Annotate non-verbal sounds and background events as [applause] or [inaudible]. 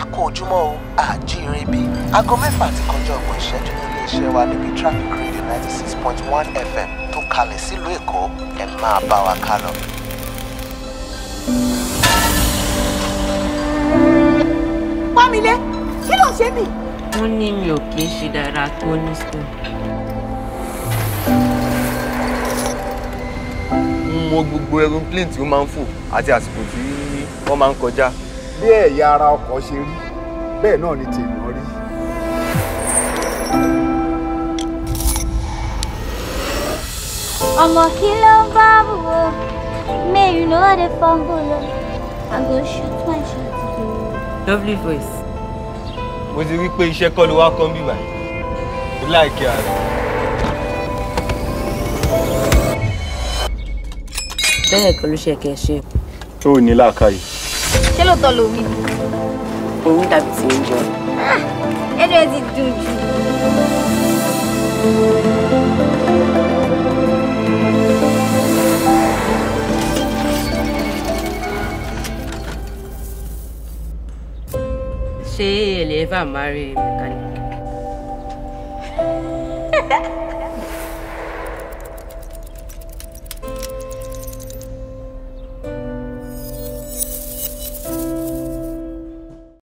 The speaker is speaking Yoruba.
akọ ojúmọ́ o àjíire bí aago mẹ́fà àti kọjá ọgbọ̀n ìṣẹ́jú ní iléeṣẹ́ wa níbi traffic radio ninety six point one fm tó kalẹ̀ sílùú èkó ẹ máa bá wa ká lọ. pámilé kí ló ṣe mí. wọ́n ní mi ò kí ń ṣe dáadáa tó ní sùn. mo gbogbo aeroplane tí ó máa ń fò àti àsìkò tí wọ́n máa ń kọjá bí ẹ̀yà ara ọkọ̀ ṣe rí bẹ́ẹ̀ náà ni tèèyàn rí. ọmọ kí ló ń bá wò may you know the fumble i go shoot my shot. lovely voice. mo ti wí pé iṣẹ́ kọ́ ló wá kọ́ mi báyìí láìkí ara. bẹ́ẹ̀ kọ́ ló ṣe kẹ́ ṣe. tó o ní làákàyè ṣé lóòótọ́ ló wí. òun dàbí ti ń jọ. Ah, ẹnu ẹ ti dùn jù. ṣé ẹ lè fà máa rí mechanic. [laughs]